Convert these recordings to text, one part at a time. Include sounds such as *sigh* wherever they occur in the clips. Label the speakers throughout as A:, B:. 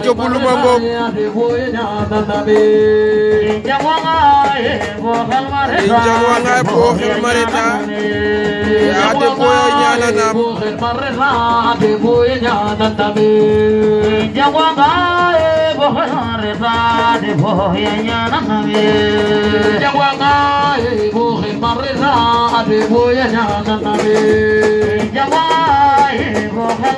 A: Ajo bulu mambo. Inja wanga e po khil marita. Ate po e nyana nam. Ate po e nyana tabe. Inja wanga e po khil marita. Ate po e nyana tabe. Inja wanga e po khil marita. Ate po e nyana tabe. Inja wanga e po khil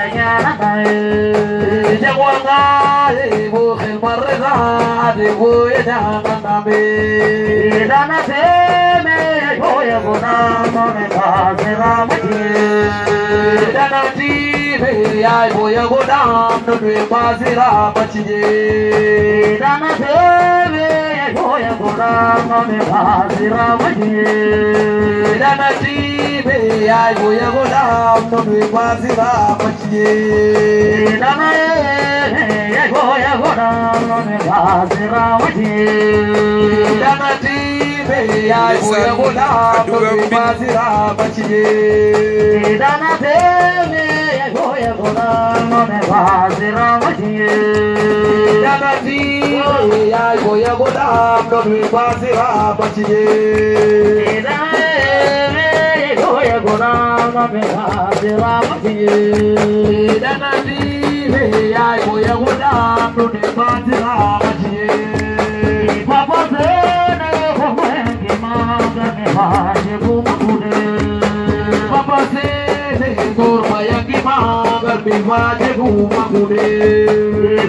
A: ai boya go dam no dwe bazira pachije dana deve ya kurama mihazira maji ila najibe ya go ya kurama mihazira maji ila na ya go ya kurama mihazira maji ila najibe ya go ya kurama mihazira maji ila na ya go ya kurama mihazira maji ila Ezi ai boya boda amdo mi basi ra pachiye.
B: Ezi
A: boya boda amdo mi basi ra pachiye. Ezi ai boya boda amdo mi basi ra pachiye. Papa se ne ko mwengi ma ga ne ha je bu mu ne. yagi magar biwaje guma gude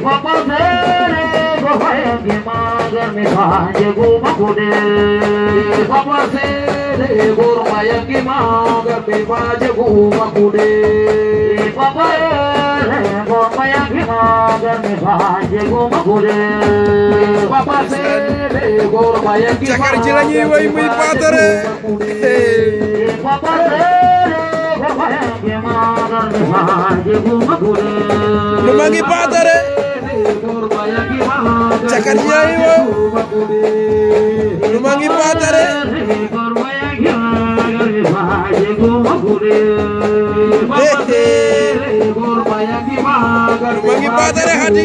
A: gopa sere gopa yagi magar biwaje guma gude gopa sere gorma yagi magar biwaje guma gude gopa sere gorma yagi magar biwaje guma gude gopa sere gorma yagi magar
B: biwaje guma gude gopa sere
A: lumagi patare
B: cakariyayo
A: lumagi patare lumagi patare hadi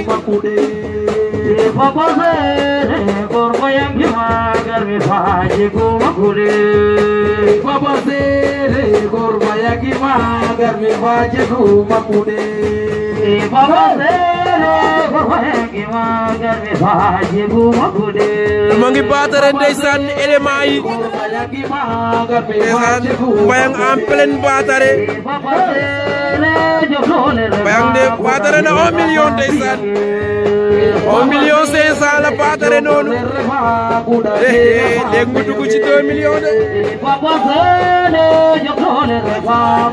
A: Bapak saya, korban yang jiwa, kami saja gua kulit. Ore baba zere gorba yagi e ngi baatare ndeysaan élément yi. ndeysaan Mbayang en baatare. baatare e na 1 million ndeysaan. un million cinq cent la paatare noonu eh dégg nga dugg ci deux millions de.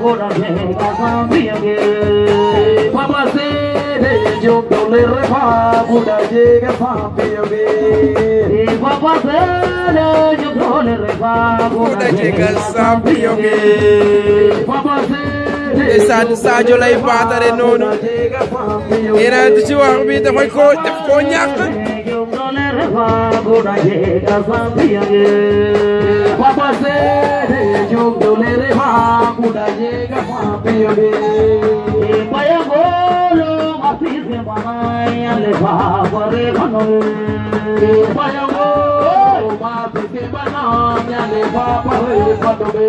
A: Kuda jegal sampiyoge. Papa Papa se isaan Sadio lay baatare noonu United ci wax bi dafay ko daf koo ñàkk Bayangol, ma pisi bana, nyale papa, we patobe.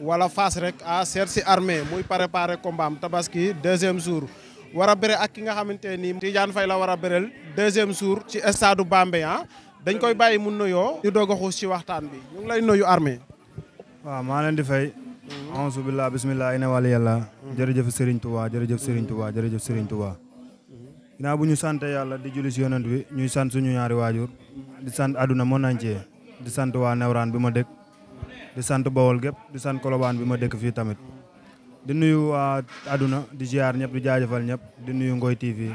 C: wala fas rek à seet si armée muy préparer combat am tabaski deuxième jour. war a bëre ak ki nga xamante ni Tidiane fay la war a bëreel deuxième jour ci stade Bambey ah. dañ koy bàyyi mu nuyoo. ñu doog a xuus ci waxtaan bi ñu ngi lay nuyu armée
D: waaw maa leen di fay. aùzu billaahi bismillaahi inna wàllu yàlla. Mm-hmm. jërëjëf Serigne Touba jërëjëf Serigne Touba jërëjëf Serigne Touba. Mm-hmm. bu ñu sant yàlla di julli si yonent bi ñuy sant suñu ñaari waajur. di sant àdduna mën nañ cee di sant waa Newraan bi ma dëkk. di sant Bawol gépp di sant Kolobaan bi ma dëkk fii tamit di nuyu waa àdduna di ziar ñëpp di jaajëfal ñëpp di nuyu Ngoy TV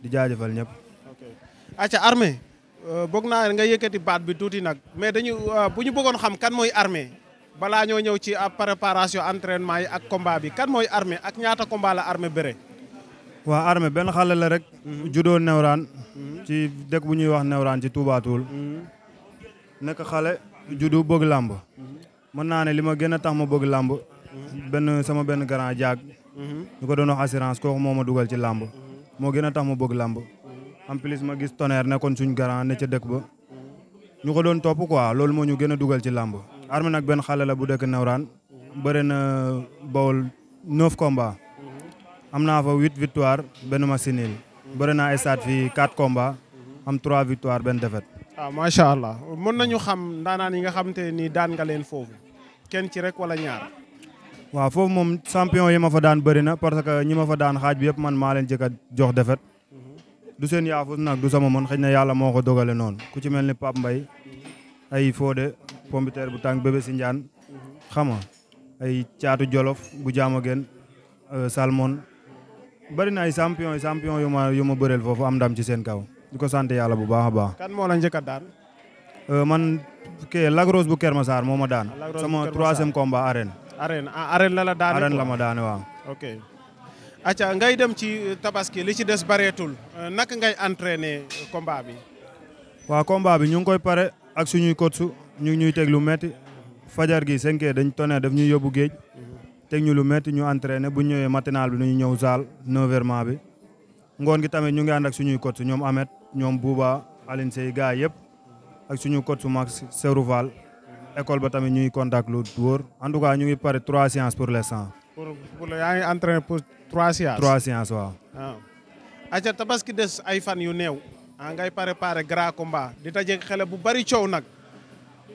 D: di jaajëfal ñëpp. ok
C: acca armée euh, bëgg naa nga yëkkati baat bi tuuti nag mais dañu euh, bu ñu bëggoon xam kan mooy armée balaa ñoo ñëw ci a préparation entraînement yi ak combat bi kan mooy armée ak ñaata combat la armée bëre.
D: waa armée benn xale la rek. Mhm. juddoo Newraan. Mhm. ci dëkk bu ñuy wax Newraan ci Touba Toul. Mhm. nekk xale juddu bëgg làmb mën naa ne li ma gën a tax ma bëgg làmb benn sama benn grand jaag ñu ko doon assurance kooku moo ma dugal ci làmb moo gën a tax ma bëgg làmb en plus ma gis tonnerre nekkoon suñ grand ne ca dëkk ba ñu ko doon topp quoi loolu moo ñu gën a dugal ci làmb Armé nag benn xale bu dëkk Newraan bëri na Bawol neuf combats am naa fa huit victoire benn match nul bëri naa stade fii quatre combats am trois victoire benn défaite
C: waaw ah, macha allah mën nañu xam ndaanaan yi nga xam te ni daan nga leen foofu kenn ci rek wala ñaar.
D: waaw foofu moom champion yi ma fa daan bëri na parce que ñi ma fa daan xaaj bi yëpp man maaleen leen a jox defet mhm. du seen yaafus nag du sama moon xëy na yàlla moo ko dogale noonu ku ci mel ni Pape Mbaye mhm. ay Fodé pompiteer bu tànk bébé si njaan mhm. xam nga ay caatu jolof bu jaam a gën euh, salmon bëri na ay champion champion yu ma yu ma bëreel foofu am ndam ci seen kaw di ko sant yàlla bu baax a baax. kan moo la njëkk a daan. Euh, man kii lagros bu Kër Masar moo daan. sama troisième combat arène.
C: arène ah, arène la la daane arène la ma daane waaw. ok acca ngay dem ci euh, tabaski li ci des bareetul euh, nak ngay entraîner combat bi.
D: waaw combat bi ñu ngi koy pare ak suñuy coach ñu ngi ñuy teg lu metti fajar gi 5 dañ tonné def ñuy yobu géej. Mhm. teg ñu lu metti ñu entraîné bu ñëwee matinal bi ñu ñëw saal 9h ngoon gi tamit ñu ngi ànd ak suñuy ñoom Bouba Alioune Seye gars yëpp ak suñu coach su mag Serou école ba tamit ñuy contact lu wóor en tout cas ñu ngi pare trois séances pour les
C: pour pour yaa ngi entraîné pour
D: trois séances. trois séances waaw.
C: waaw. Ah. aca des ay fan yu néew. ah ngay préparé grand combat di dajeeg xele bu bari coow nag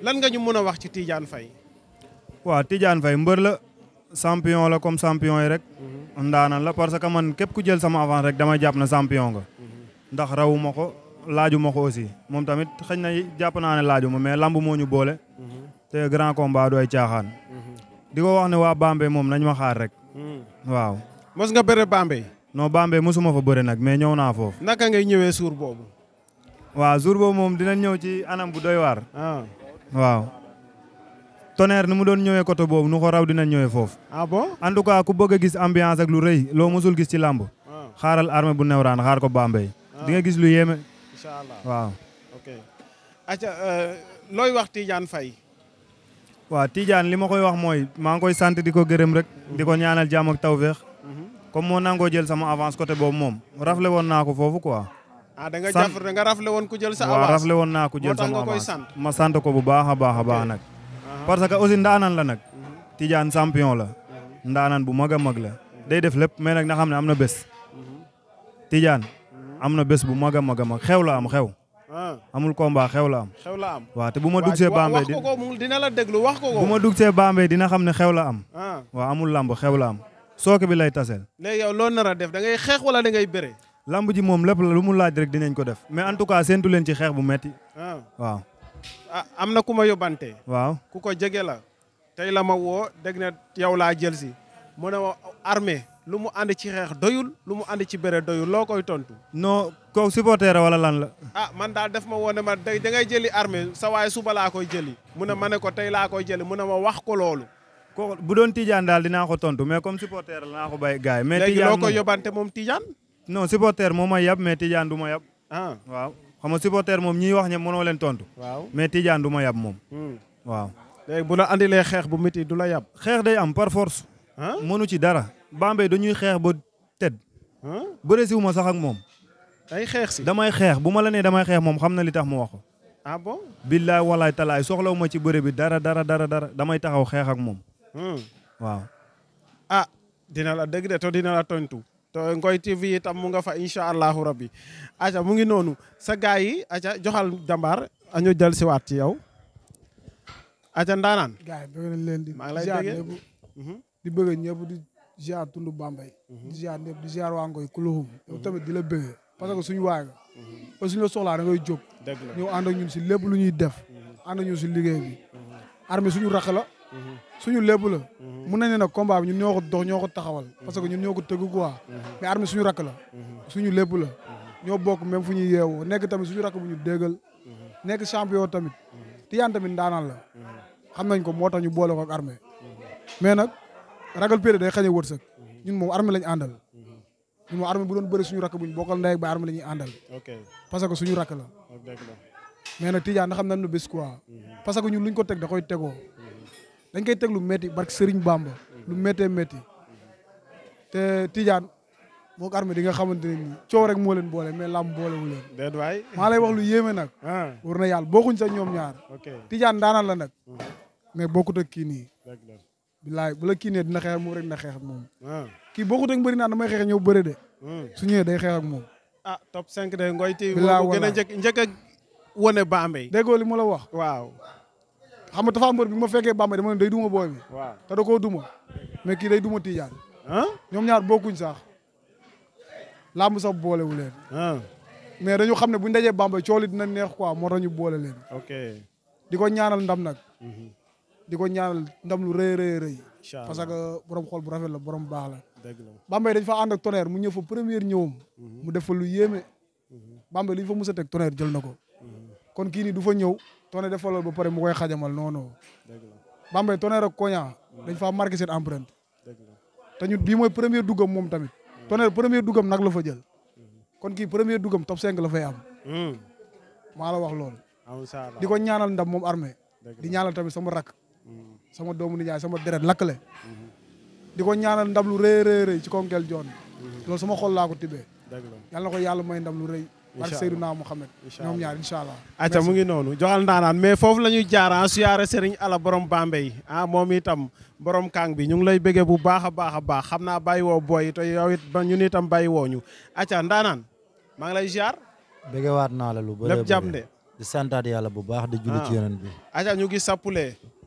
C: lan nga ñu mën a wax ci Tidiane Faye.
D: waaw Tidiane Faye mbër la champion la comme sampion yi rek. Mhm. ndaanaan la parce que man képp ku jël sama avance rek dama jàpp na sampion nga. ndax rawuma ko laaju ma ko aussi moom tamit xëy na jàpp naa ne laaju ma mais lamb moo ñu boole. te grand combat du ay caaxaan. di ko wax ne waa Bambey moom nañ ma xaar rek. waaw. mos nga bëre Bambey. noo Bambey mosuma fa bëre nag mais ñëw naa foofu. naka ngay ñëwee suur boobu. waaw jour boobu moom dina ñëw ci anam bu doy waar. Ah. waaw. tonnerre ni mu doon ñëwee côté boobu nu ko raw dina ñëwee foofu. ah bon tout cas ku bëgg a gis ambiance ak lu rey loo mosul gis ci làmb ah. xaaral armée bu newraan xaar ko Bambey. di nga gis lu yéeme. incha allah waaw.
C: ok acca euh, looy wax Tidiane fay
D: waaw Tidiane li ma koy wax mooy maa ngi koy sant di ko gërëm rek. di ko ñaanal jàmm ak tawféex. Mhm. comme moo nangoo jël sama avance côté boobu moom rafle woon naa ko foofu quoi. ah da nga
C: woon ku jël sa woon naa ko jël sama avance
D: ma sant ko bu baax baax a baax nag. parce que aussi ndaanan la nag. Mhm. Tidiane champion la. Mhm. ndaanan bu mag mag la. day def lépp mais nag na xam ne am na bés. Tidiane am na bés bu mag a mag a mag xew la am xew. Ah. amul combat xew la am. xew
C: la am waaw te bu ma dugsee Bambey di dina la déglu wax ko
D: ko. bu ma dugsee Bambey dina xam ne xew la am. Ah. waaw amul lamb xew la am sooke bi lay taseel.
C: léegi yow loo na a def da ngay xeex wala da ngay bëre.
D: lamb ji moom lépp la lu mu laaj rek dinañ ko def mais en tout cas séntu leen ci xeex bu metti ah. waaw.
C: ah am na ku ma yóbbante. waaw ku ko jege la. tey la ma woo dégg na yow laa jël si mu ne lu mu ànd ci xeex doyul lu mu ànd ci bëre doyul loo koy tontu.
D: non ko supporter wala lan la.
C: ah man daal def ma woon ne ma day da ngay jëli arme sa waaye suba laa koy jëli mu ne ma ne ko tey laa koy jëli
D: mu ne ma wax ko loolu. ko bu doon Tidiane daal dinaa ko tontu mais comme supporter la naa ko bay gaay mais Tidiane léegi loo ko yóbbante moom Tidiane. non supporter moo ma yab mais Tidiane du ma yab. ah waaw xam nga supporter moom ñiy wax ñe mënoo leen tontu. waaw mais Tidiane du ma moom. Hmm. waaw. bu la andilee xeex bu métti du la yab. xeex day am par force. Ah? mënu ci dara. bambe dañuy xeex ba ted, bëre si wu ma sax ak moom. day xeex si damay xeex bu ma la nee damay xeex na li tax mu wax ko. ah bon. billaay walaay talaay soxlawu ci bëre bi dara dara dara dara damay taxaw xeex ak moom. Hmm. waaw.
C: ah dina la dégg de to dina la tontu. to Ngoy TV itam mu nga fa incha allahu rabbi aca mu ngi noonu sa gars yi aca joxal jàmbaar añu jël si waat ci yow bëgg
E: leen di. maa ngi lay mhm. di bëgg ñëpp di. ziar tund Bambey. di ziar ñëpp di ziar waa di la bëggee suñu waay suñu la soxlaa jóg. dëgg la ñëw ànd ak ñun si lépp lu ñuy def. ànd si liggéey bi. suñu rax la. suñu lépp la. mun nañ ne nag combat bi ñun ñoo ko dox ñoo ko taxawal. parce que ñun ñoo ko tëgg quoi. mais armée suñu rakk la. suñu lépp la. ñoo bokk même fu ñuy yeewoo nekk tamit suñu rakk bu ñu déggal. nekk champion tamit. Tidiane tamit ndaanaan la. xam nañ ko moo tax ñu boole ko ak armée nag ragal péré day xañe wërsëg ñun moom armée lañu àndal ñun moom armée bu doon bëri suñu rakk buñ bokkal ndey ba armée la ñuy àndal parce que suñu rakk la mais nag Tidiane na xam nañ nu bés quoi parce que ñun luñ ko teg da koy tegoo dañ koy teg lu métti barke Serigne Bamba lu méttee métti te Tidiane moo ko di nga xamante ne nii coow rek moo leen boole mais lamb boole wu leen déet maa lay wax lu yéeme nag ah. war na yàlla bokkuñ sax ñoom ñaar Tidiane daanaan la nag mhm. mais bokkut ak kii nii bilaay bu la kii nee dina xeex ak moom rek dina xeex moom. Ah. kii bokkut ak mbëri naan damay xeex ñëw bëre de. Hmm. su ñëwee day xeex ak moom.
C: ah top 5 de Ngoye TV. bilaay walaay gën a njëkk li ma la wax. waaw. xam nga dafa am mbër ma fekkee
E: Bambey dama day duma booy bi. waaw koo duma. mais kii day duma Tidiane. Ah? ñoom ñaar bokkuñ sax. làmb sax boolewu leen. Ah. mais dañu xam ne bu ñu dajee bamba coow li dina neex quoi moo tax ñu boole leen. ok di ko ñaanal ndam nag. Mm-hmm. di ko ñaanal ndam lu rëy rëy rëy parce que borom xol bu rafet la borom baax la Bambey dañ fa ànd ak tonnerre mu ñëw fa première ñëwam mhm. mu def fa lu yéeme mhm. Bambey li ñu fa mës a teg tonnerre jël na ko mhm. kon kii nii du fa ñëw tonnerre def ba pare mu koy xajamal non non Bambey tonnerre ak Kogna dañ faa marqué seen empreinte te ñun bii mooy premier duggam moom tamit tonnerre première duggam nag la fa jël kon kii première duggam top 5 la fay am maa la wax loolu di ko ñaanal ndam moom armée di ñaanal tamit sama rakk sama doomu nijaay sama deret lakkale. di ko ñaanal ndam lu rëy rëy rëy ci Konkeel Joon. loolu sama xol laa ko tibbee. yal na ko yàlla may ndam lu rëy. incha allah Seydina Mouhamed ñoom ñaar incha allah.
C: acca mu ngi noonu joxal ndaanaan mais foofu la ñuy jaar ah, siyaare Serigne Alla borom Bambey ah moom itam borom kàng bi ñu ngi lay bëggee bu baax a baax baax xam naa bàyyi woo booy te yow it ba ñun itam bàyyi woo ñu acca ndaanaan maa ngi lay ziar.
F: bëggewaat naa la lu bëri lépp jàmm de. di santaat yàlla bu baax di julli ci ah. bi.
C: acca ñu gis sa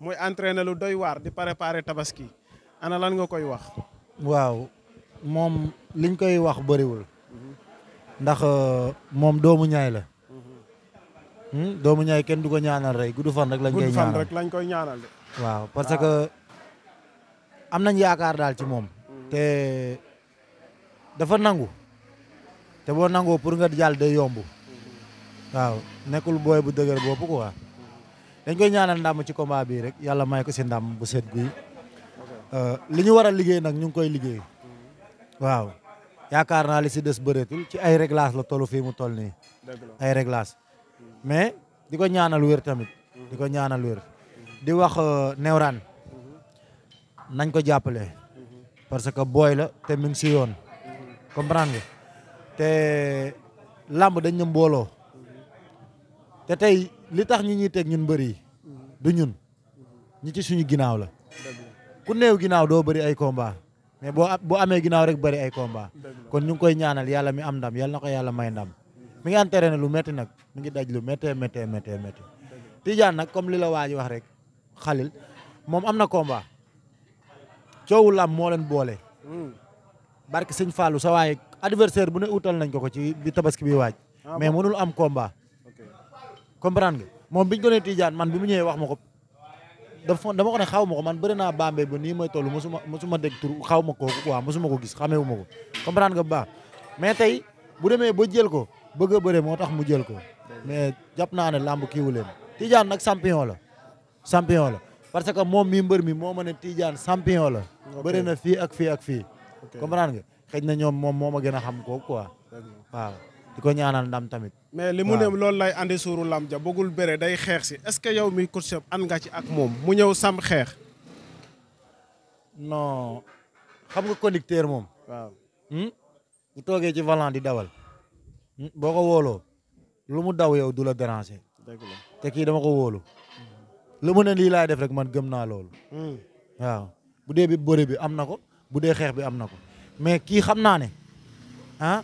C: muy entraîné lu doy waar di préparer tabaski ana lan nga koy wax.
F: waaw moom liñ koy wax bëriwul. ndax euh, moom doomu ñaay la. Hmm? doomu ñaay kenn du ko ñaanal rek gudd fan rek lañ koy ñaanal rek
C: lañ koy ñaanal de.
F: waaw parce que am nañ yaakaar daal ci moom. Hmm. te dafa nangu. te boo nangoo pour nga jàll day yomb. Hmm. waaw nekkul booy bu dëgër bopp quoi. dañ koy ñaanal ndam ci combat bi rek yalla may ko ci ndam bu set guy euh, li ñu wara a liggéey nag ñu koy liggéey waaw yaakar na li ci dess bëreetul ci ay réglage la tolu fi mu toll ni ay réglage mais di ko ñaanal wër tamit di ñaanal wër di wax euh, Néwraan nañ ko jappalé parce que boy la te mi ngi yoon comprendre nga té lamb dañ na mbolo te tay li tax ñi ñuy teg ñun mbër du ñun ñi ci suñu ginnaaw la ku néew ginnaaw doo bëri ay combat mais boo boo amee ginnaaw rek bëri ay combat kon ñu ngi koy ñaanal yàlla mi am ndam yàlla na ko yàlla may ndam mi ngi entraîné lu métti nag mi ngi daj lu méttee méttee méttee nag comme li la waa ji wax rek Khalil moom am na combat coowu lam moo leen boole barke sëñ Fallou sa waaye adversaire bu ne utal nañ ko ko ci bi tabaski bi waaj ah mais mënul am combat comprendre nga moom biñ ko nee man bi mu ñëwee wax ma ko dafa dama ko xaw ma man bëri naa Bambey ba nii mooy toll mosuma mosuma dégg tur xaw ma ko quoi masuma ko gis xamee wu ma ko comprendre nga bu baax mais tey bu demee ba jël ko bëgg a bëre moo tax mu jël ko mais jàpp naa ne làmb kiiwu leen Tidiane nag champion la champion la parce que moom mi mbër mi moo ma ne tiijaan champion la bëri na fii ak fii ak fii comprendre nga xëj na ñoom moom moo ma gën a xam kooku quoi waaw di ko ñaanal ndam tamit. mais li mu ne loolu
C: lay andi suuru lam ja bëggul bëre day xeex si est ce que yow mi coach an nga ci ak moom mu ñëw sam xeex.
F: no xam nga conducteur moom. waaw. Hmm? bu toogee ci volant di dawal. Hmm? boo ko wooloo lu mu daw yow du la déranger. dëgg la te kii dama ko wóolu. lu mu ne lii laay def rek man gëm naa loolu. Hmm. waaw bu dee bi bëre bi am na ko bu dee xeex bi am na ko mais kii xam naa ne ah,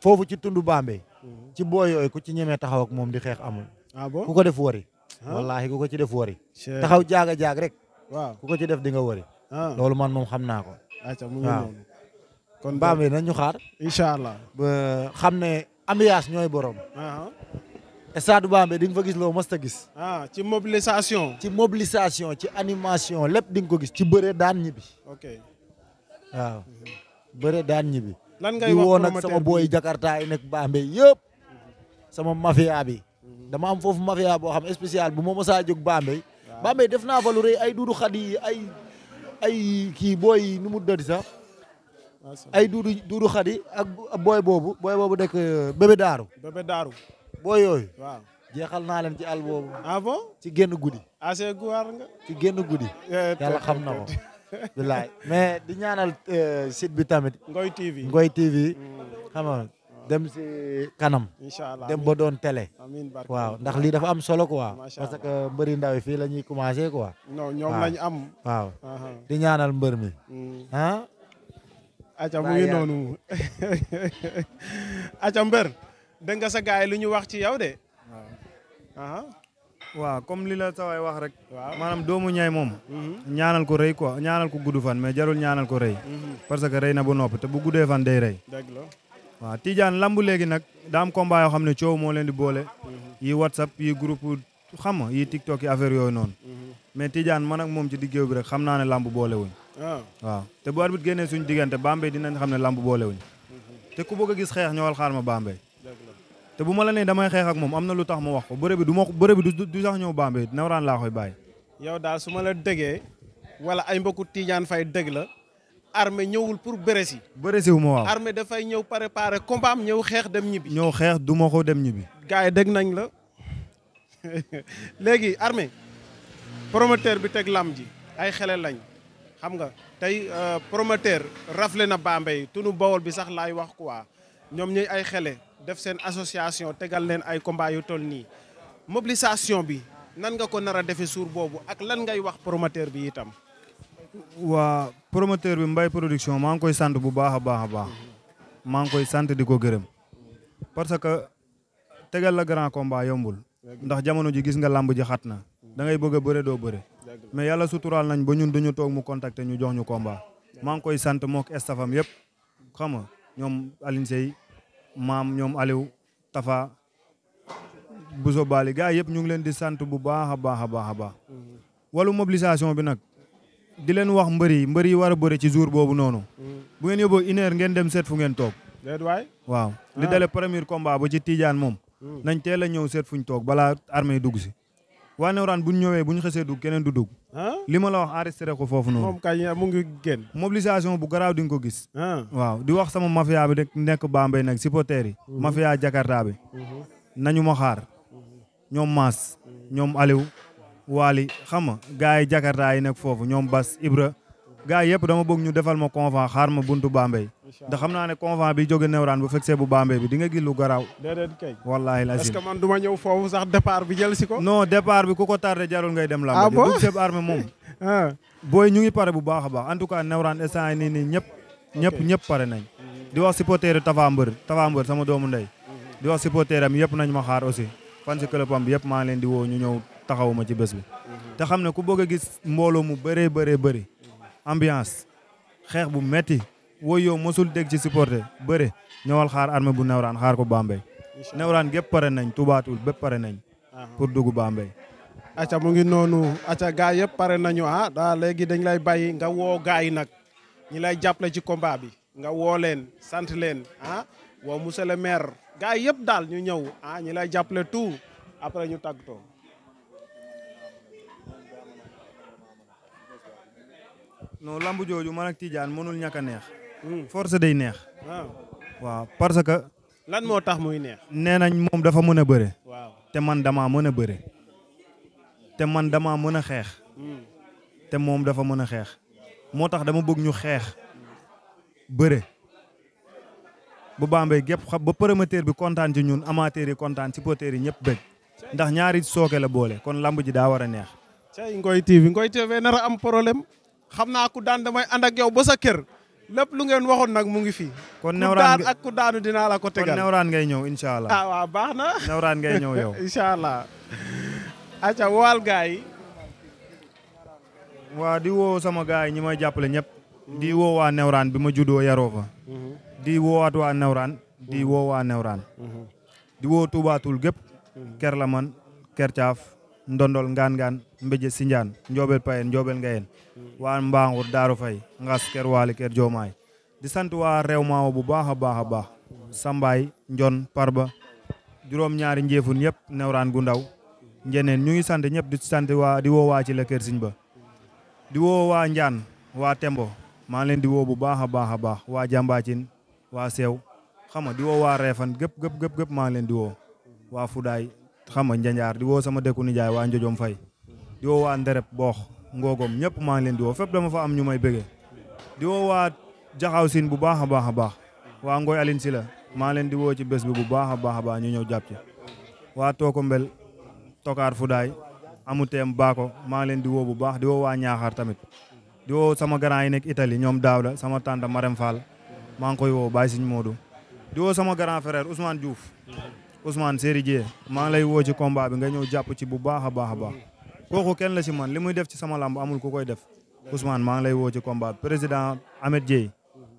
F: foofu ci tundu Bambey mhm. ci booy yooyu ku ci ñemee taxaw moom di xeex amul ah ku ko def wari ah. wallaahi ku ko ci def wari taxaw jaaga jaag rek waaw ku ko ci def di nga wari ah. loolu man moom xam naa ko waaw kon Bambey nañ ñu xaar incha allah ba xam ne ambiance ñooy borom uh-huh. stade Bambey di nga fa gis loo mës a gis ah ci mobilisation ci mobilisation ci animation lépp di nga ko gis ci bëre daan ñibbi ok waaw bëre lan ngay wax woon ak sama booy Jakarta yi nekk Bambey yëpp sama mafia bi am foofu mafia boo xam spécial bu ma mosaa jóg Bambey Bambey def naa fa lu ay duudu xat yi ay ay kii booy yi nu mu sax ay duudu duudu ak booy boobu booy boobu dekk euh, bébé daaru bébé daaru booy yooyu waaw jeexal naa leen ci àll boobu ah ci genn guddi assez ah, guwaar nga ci génn guddi eh, yàlla xam na ko bilaay mais di ñaanal euh, site bi tamit. Ngoy TV Ngoy TV. Mm. xam dem si kanam. incha allah dem ba doon tele amiin waaw ndax lii dafa am solo quoi. parce que mbëri ndaw yi fii la ñuy commencé quoi.
C: non ñoom lañ am. waaw di ñaanal mbër mi.
F: Mm. ah.
C: mu noonu acca mbër dégg nga sa gars yi lu ñu wax
D: ci yow de. waaw comme li la sawaay wax rek. waaw maanaam doomu ñaay moom. Mhm. ñaanal ko rey quoi ñaanal ko gudd fan mais jarul ñaanal ko rëy. Mhm. parce que rey na ba noppi te bu guddee fan day rëy. dëgg la waaw Tidiane lamb léegi nag daam am combat yoo xam ne coow moo leen di boole. Mhm. yi WhatsApp yi groupe xam nga yi TikTok yi affaire yooyu noonu. mais Tidiane man ak moom ci diggéew bi rek xam naa ne lamb boole wuñ. Ah. waaw te bu arbitre génnee suñu diggante Bambey dinañ xam ne lamb boole wuñ. te ku bëgg a gis xeex ñëwal xaar ma Bambey. te je la né damay xeex ak mom amna lutax wax ko Je bi duma bi du sax ñëw Bambey la koy bay
C: yow la wala ay mbokku Tidiane la armée ñëwul pour venu ci ci wu ma armée préparer combat am ñëw dem ko dem ñibi gaay nañ la *laughs* légui armée promoteur bi tek lam ji ay euh, promoteur na tunu Bawol bi sax wax quoi def seen association tegal leen ay combat yu toll nii mobilisation bi nan nga ko nar a defee suur boobu ak lan ngay wax promoteur bi itam.
D: waa promoteur bi mbay production maa ngi koy sant bu baax a baax a baax maa ngi koy sant di ko gërëm parce que tegal la grand combat yombul ndax jamono ji gis nga lamb ji xat na da ngay bëgg a bëre doo bëre mais yàlla suturaal nañ ba ñun dañu toog mu contacter ñu jox ñu combat maa ngi koy sant mook estafam yëpp xam nga ñoom Alioune maam ñoom Aliou Tafa Bousso Bali gaa yëpp ñu ngi leen di sant bu baax a baax a baax a baax. walu mobilisation bi nag di leen wax mbër yi mbër yi war a bëri ci jour boobu noonu. bu ngeen yóbboo une ngeen dem seet fu ngeen toog. waaw li ah. dale premier combat ba ci Tidiane moom. Hmm. nañ teel a ñëw seet fuñ toog balaa armée dugg si. waa Néewraan bu ñu ñëwee bu ñu xasee dugg keneen du dugg. li ma la wax enregistré ko foofu noonu. moom kañ mu ngi génn. mobilisation bu garaaw di nga ko gis. waaw di wax sama mafia bi rek nekk Bambey nag supporters yi. Mhm. mafia Jakarta bi. Mhm. nañu ma xaar. Mhm. ñoom Maas. ñoom Aliou. Waly xam nga gars yi Jakarta yi nekk foofu ñoom Bas Ibra. gars yëpp dama bëgg ñu defal ma convent xaar ma buntu Bambey. ndax xam naa ne convent bi jóge Newraan bu fekkee bu Bambey bi di nga gis lu garaaw. déedéet kay wallaahi la est-ce que
C: man du ma ñëw foofu sax départ bi jël si
D: ko. non départ bi ku ko tardé jarul ngay dem. làmb ah ji bu seb armé moom. *laughs* Ah. booy ñu ngi pare bu baax a Newraan instant nii nii ñëpp. ñëpp pare nañ. di wax supporteru Tapha Mbeur Tapha Mbeur sama doomu ndey. Mhm. di wax supporteram yëpp nañ ma xaar aussi. fan si club bi yëpp maa leen di woo ñëw taxawu ci bés bi. Mhm. a wooy yow mosul dégg ci supporter bëre ñëwal xaar armée bu newraan xaar ko Bambey newraan gépp pare nañ tubaatul bépp pare nañ pour dugg Bambey aca mu ngi noonu aca gaa yëpp
C: pare nañu ah daa léegi dañ lay bàyyi nga woo gaa yi nag ñi lay jàppale ci combat bi nga woo leen sant leen ah woo monsieur maire gaa yëpp daal ñu ñëw ah ñi lay
D: jàppale tout après ñu tàggatoo non lamb jooju ma ak tiijaan mënul ñàkk a neex Hmm. force day neex. waaw parce que. lan moo tax muy neex. nee nañ moom dafa mën a bëre. waaw te man damaa mën a bëre. te man damaa mën a xeex. Hmm. te moom dafa mën a xeex. moo tax dama bëgg ñu xeex. bëre. bu Bambey gépp xam ba promoteur bi kontaan ci ñun amateur yi kontaan supporters yi ñëpp bëgg. ndax ñaari sooke la boole kon lamb ji daa war a neex. cay Ngoy TV Ngoy
C: TV nar a am problème. xam naa ku daan damay ànd ak yow ba sa kër. lepp lu ngeen waxon nag
D: mu ngi fi kon newran ak
C: ku daanu dina la ko tegal kon
D: ngay ñew inshallah ah wa baxna na ngay ñew yow *laughs*
C: inshallah acha wal waal
D: wa di wo sama gay ñi may jappale ñep di wo wa newran bima ma yaro fa di wat wa newran di wo wa newran di woo tuubaatul gep ker la man ker tiaf ndondol ngan ngan Mbéje Sinjaan Njoobel Payen Njoobel Ngayen waa Mbangur Daaru Fay Ngas Kër Waali Kër Joomaay di sant waa réew maawo bu baax a baax a baax Sambaay Njon Parba juróom ñaari njeefun yëpp newraan gu ndaw njeneen ñu sant ñëpp di sant waa di woo waa ci la kër siñ ba di woo waa njaan waa tembo maa leen di woo bu baax a baax a baax waa jàmbaacin waa seew xama di woo waa reefan gëpp gëpp gëpp maa leen di woo waa fudaay xam nga njanjaar di woo sama dëkku nijaay waa njojom fay di woo waa Ndereb boox Ngogom ñëpp maa leen di woo fépp dama fa am ñu may bëggee di woo waa Jaxaaw Siin bu baax a baax a baax waa Ngoy Aline si la maa leen di woo ci bés bi bu baax a baax a baax ñu ñëw jàpp ci waa Tooko Mbel Tokaar Fudaay Amuteem Baako maa leen di woo bu baax di woo waa ñaaxaar tamit di woo sama grand yi nekk Italie ñoom Daawda sama tante Marème Fall maa ngi koy woo Baye Siñ Moodu di woo sama grand frère Ousmane Diouf Ousmane Séri Dié maa lay woo ci combat bi nga ñëw jàpp ci bu baax a baax a baax kooku kenn la ci man li muy def ci sama làmb amul ko koy def Ousmane maa lay woo ci combat président Ahmed Dieye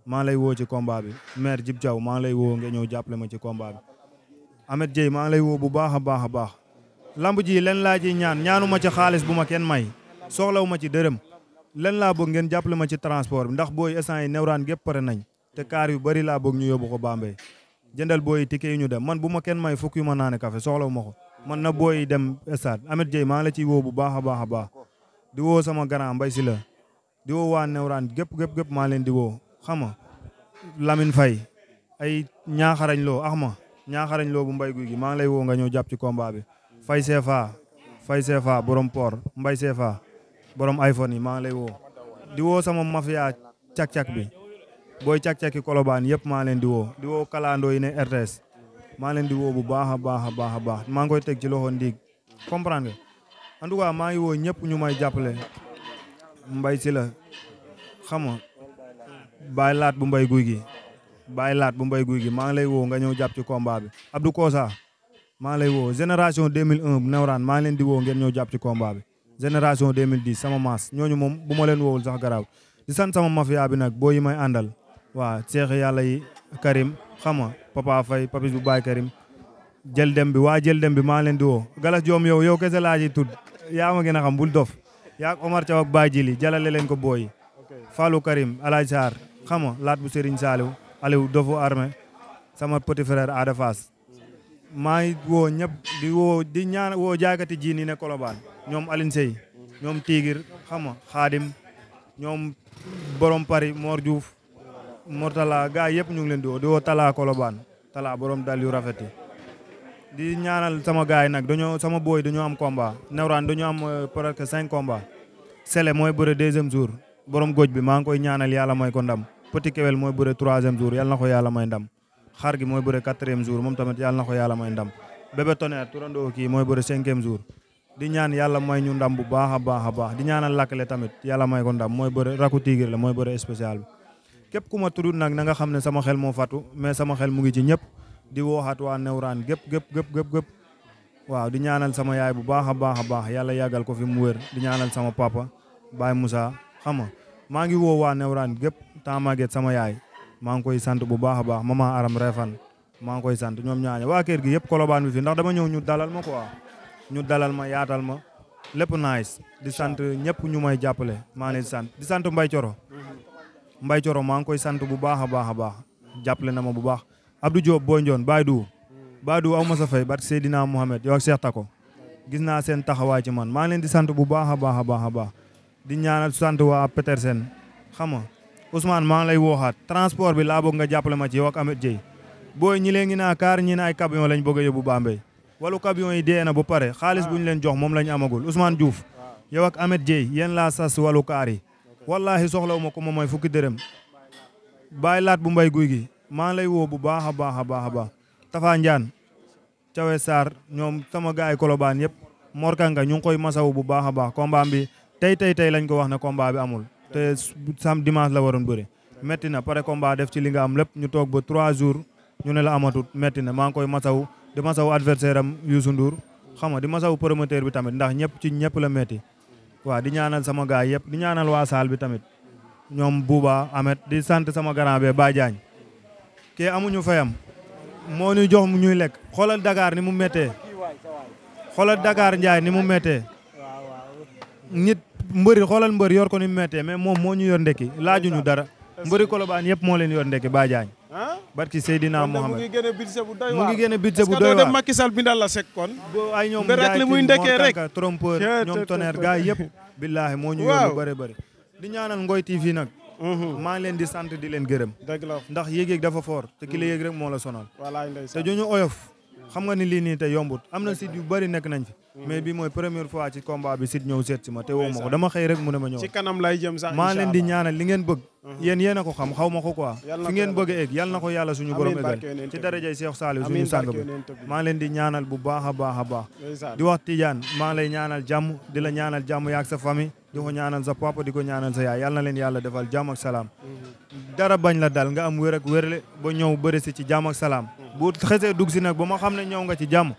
D: maa lay woo ci combat bi maire Djib Diaw maa ngi lay woo nga ñëw jàppale ma ci combat bi Ahmed Dieye maa lay woo bu baax a baax a baax lamb ji len laa ji ñaan ñaanu ma ci xaalis bu ma kenn may soxlawu ma ci dërëm len laa bëgg ngeen jàppale ma ci transport bi ndax booy essence yi newraan gépp pare nañ te kaar yu bari laa boog ñu yóbbu ko Bambey jëndal booy ticket yu ñu dem man bu kenn may fukk yu ma naane café soxlawu ma ko man na booy dem stade Ameth Dieye maa ngi la ciy woo bu baax a baax a baax di woo sama grand Mbaye Sylla di woo waa Newraan gépp gépp gépp maa leen di woo xam nga Lamine Faye ay ñaaxarañ loo ax ma ñaaxarañ loo bu mbay guy gi maa ngi lay woo nga ñëw jàpp ci combat bi Faye CFA Faye CFA borom port Mbaye CFA borom iPhone yi maa ngi lay woo di woo sama mafia cak-cak bi booy cak-caki kolobaan yëpp maa leen di woo di woo kalandoo yi ne RTS maa leen di woo bu baax a baax baax a baax maa ngi koy teg ci loxo ndiig comprendre nga en maa ngi woo ñëpp ñu may jàppale mbay si la xam nga bàyyi laat bu mbay guy gi bàyyi laat bu mbay gi maa ngi lay woo nga ñëw jàpp ci combat bi Abdou Kosa maa lay woo génération 2001 bu Newraan maa ngi leen di woo ngeen ñëw jàpp ci combat bi génération 2010 sama maas ñooñu moom bu ma leen woowul sax garaaw di sant sama mafia bi nag boo yi may àndal waa Cheikh yàlla Karim xam Papa Faye Papis bu Baye Karim jël dem bi waa jël dem bi maa leen di woo Galas Joom yow yow kese laa ji yaa ma gën a xam bul dof yaa Omar Thiaw ak Baye Jili jalale leen ko booyi Fallou Karim Alaj Sarr xam laat bu Serigne Saliou Aliou dofu armé sama petit frère Ada Fass maa woo ñëpp di woo di ñaan woo jaakati ji ni ne ñoom Aline ñoom Tigir xam Xaadim ñoom borom Paris Mor Diouf Mortala gars yëpp ñu ngi leen di woo di woo Tala Colobane tala borom dal yu rafet di ñaanal sama gars yi nag dañoo sama booy dañoo am combat Newraan dañoo am euh, presque cinq combat Sele mooy bëre deuxième jour borom góoj bi maa ngi koy ñaanal yàlla may ko ndam Petit Kewel mooy bëre troisième jour yàlla na ko yàlla may ndam xar gi mooy bëre quatrième jour moom tamit yàlla na ko yàlla may ndam Bébé Tonnerre turandoo kii mooy bëre cinquième jour di ñaan yàlla may ñu ndam bu baax a baax a baax di ñaanal lakkale tamit yàlla may ko ndam mooy bëre raku tigir mooy bëre spécial bi képp ku ma tudd nag na nga xam ne sama xel moo fatu mais sama xel mu ngi ci ñëpp di wooxaat waa Newraan gépp gépp gépp gépp gépp waaw di ñaanal sama yaay bu baax a baax a baax yàlla yàggal ko fi mu wér di ñaanal sama papa Baye Moussa xam nga maa ngi woo waa Newraan gépp temps màgget sama yaay maa ngi koy sant bu baax a baax mama aram refan maa ngi koy sant ñoom ñaañe waa kër gi yëpp kolobaan bi fi ndax dama ñëw ñu dalal ma ko quoi ñu dalal ma yaatal ma lépp nice di sant ñëpp ñu may jàppale maa ngi sant di sant Mbaye Mbaye Coro maa ngi koy sant bu baax a baax a baax jàppale na ma bu baax Abdou Diop Boy Ndione Badou Badou aw ma sa fay barke Seydina Mohamed yow ak Cheikh Tako gis naa seen taxawaay ci man maa ngi leen di sant bu baax a baax a baax a baax di ñaanal sant waa Petersen xam nga Ousmane maa ngi lay wooxaat transport bi laa bëgg nga jàppale ma ci yow ak Amet Dieye booy ñi lee ngi naa kaar ñi ne ay camion lañ bëgg a yóbbu Bambey walu camion yi dee na ba pare xaalis bu ñu leen jox moom lañ amagul Ousmane Diouf yow ak Amet Dieye yéen laa sas walu kaar yi wallaahi soxlawuma ku ma may fukki dërëm bàyyi laat bu mbay guy gi maa lay woo bu baax a baax a baax a baax Tafa Njaan Cawe ñoom sama gaay Kolobaan yëpp Morkanga ñu ngi koy masawu bu baax a baax combat bi tey tey tey lañ ko wax ne combat bi amul te sam dimanche la waroon bëri metti na pare combat def ci li nga am lépp ñu toog ba trois jours ñu ne la amatut métti na maa ngi koy masawu di masawu adversaire am Youssou Ndour xam nga di masawu promoteur bi tamit ndax ñëpp ci ñëpp la métti waaw di ñaanal sama gaay yëpp di ñaanal waa saal bi tamit ñoom Bouba Amet di sant sama grand bee Ba Diagne kii amuñu fayam moo ñu jox mu ñuy lekk xoolal dakaar ni mu méttee xoolal dakaar Ndiaye ni mu méttee nit mbëri xoolal mbëri yor ko ni mu méttee moom moo ñu yor ndekki laajuñu dara mbëri Colobane yëpp moo leen yor ndekki Ba Diagne barki Seydina Mohamed mu ngi
C: génne budget bu doy waar mu ngi génne budget bu doy waar dem Macky bindal la sek kon ay ñoom li muy ndekkee rek trompeur ñoom tonnerre gars yëpp billaahi moo ñu yóbbu bëri bëri
D: di ñaanal Ngoy TV nag mhm. maa leen di sant di leen gërëm ndax yéeg-yéeg dafa fort te ki la rek moo la sonal te ñu oyof xam nga ni lii nii te yombut am na site yu bëri nekk nañ fi mhm. mais bi mooy première fois ci combat bi site ñëw seet si ma te woo ma dama xëy rek mu ne ma ñëw maa leen di ñaanal li ngeen bëgg Mhm. yéen yéen a ko xam xaw ma ko quoi fi ngeen bëgg a egg yal na ko yàlla suñu borom eggal ci darajay Cheikh Saliou suñu sàng bi maa ngi leen di ñaanal bu baax a baax a baax di wax Tidiane maa ngi ñaanal jàmm di la ñaanal jàmm yaag sa famille di ko ñaanal sa papa di ko ñaanal sa yaay yal na leen yàlla defal jàmm ak salaam
B: mhm.
D: dara bañ la dal nga am wér ak wérle ba ñëw bëri si ci jàmm ak salaam mhm. bu xesee dugg si nag ba ma xam ne ñëw nga ci jàmm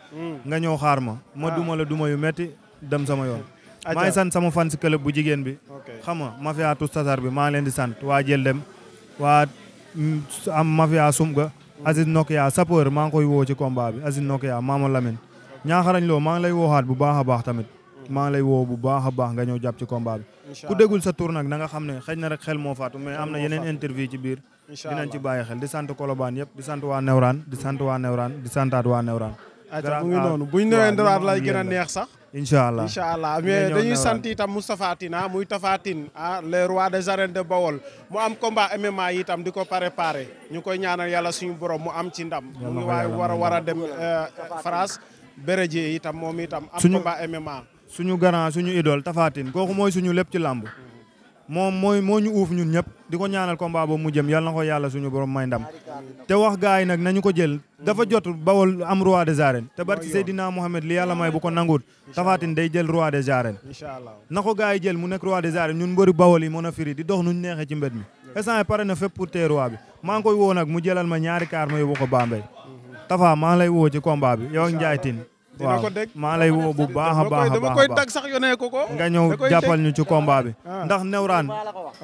D: nga ñëw xaar ma ma ah. duma la duma yu metti dem sama yoon maay sant sama fan si club bu jigéen bi. xam nga mafia tous tasar bi maa ngi leen di sant waa Jellem waa mm, am mafia Sumga. Mm. Aziz Nokia sapeur maa ngi koy woo ci combat bi Aziz Nokia Mama Lamine. ñaaxarañ loo maa ngi lay wooxaat bu baax a baax tamit. Mm. maa ngi lay woo bu baax a baax nga ñëw jàpp ci combat bi. ku dégul sa tour nag na nga xam ne xëy na rek xel moo faatu mais am na yeneen interview ci biir. dinañ ci bàyyi xel di sant Kolobaan yëpp di sant waa Newraan di sant waa Newraan di santaat waa Newraan. ayca mu ngi noonu sax incha allah incha
C: allah mais dañuy sant itam Moustapha Tine ah muy Tapha Tine ah le roi des arènes de Bawol mu am combat MMA yi itam di ko préparé ñu koy ñaanal yàlla suñu borom mu am ci ndam. mu waaye war a war a dem euh, France bérëjee itam moom itam.
D: am combat MMA suñu grand suñu idole Tapha Tine kooku mooy suñu lépp ci làmb moom mooy moo ñu uuf ñun ñëpp di ko ñaanal combat boobu mu jëm yàlla na ko yàlla suñu boo may ndam te wax gaay yi nag nañu ko jël dafa jot bawol am roi des arènes te barki Seydina Mohamed li yàlla may bu ko nanguut Tafatine day jël roi des arènes na ko gaay yi jël mu nekk roi des arènes ñun mbëri bawol yi mën firi di dox nuñ neexee ci mbed mi instant pare na fépp pour tee bi maa koy woo nag mu jëlal ma ñaari kaar ma yóbbu ko Bambey Tafa maa lay woo ci combat bi yow ak Ndiaye dina ko dégg maa lay woo bu baax a baax dama koy dag
C: sax yónnee ko ko nga ñëw jàppal ñu ci combat bi ah.
D: ndax Newraan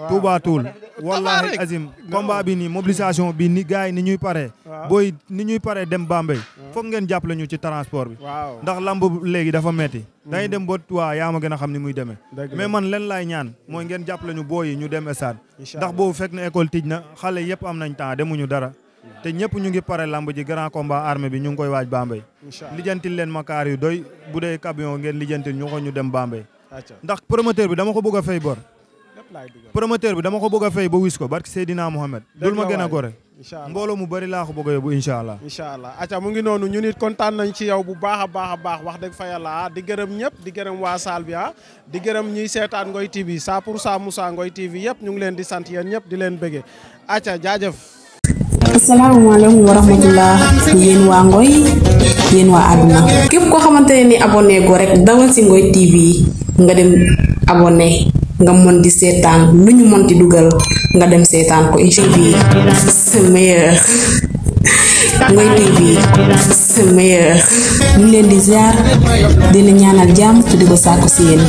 D: Touba ah. Toul wallahi azim combat bi nii mobilisation bi ni gars yi ni ñuy paree ah. booy ni ñuy paree dem Bambey foog ngeen jàppale ñu ci transport bi ndax lamb léegi dafa metti mm-hmm. dañuy dem ba waa yaa ma gën a xam ni muy demee mais man leen laay ñaan mooy ngeen jàppale ñu booy yi ñu dem stade ndax boobu fekk na école tij na xale yëpp am nañ temps demuñu dara te ñëpp ñu ngi pare lamb ji grand combat armée bi ñu ngi koy waaj Bambey. lijjantil leen makaar yu doy bu dee camion ngeen lijjantil ñu ko ñu dem Bambey. ndax promoteur bi dama ko bëgg a bor. promoteur bi dama ko bëgg a fay ba wis ko barke Seydina Mohamed. dul ma gën a gore. mbooloo mu bëri laa ko bëgg a yóbbu incha
C: allah. acca mu ngi noonu ñu nit kontaan nañ ci yow bu baax a baax a baax wax dëgg fa yàlla ah, di gërëm ñëpp di gërëm waa bi ah. di gërëm ñu ngi leen di sant yéen ñëpp
D: asalaamaaleykum wa rahmatullah yéen waa Ngoy yéen waa àdduna képp koo xamante ni abonné go rek dawal si Ngoy TV nga dem abonné nga mën di seetaan lu ñu mën di dugal nga dem seetaan ko incha allah c'est meilleur leen di
B: ziar di la ñaanal jàmm te di ko sàkku si yéen.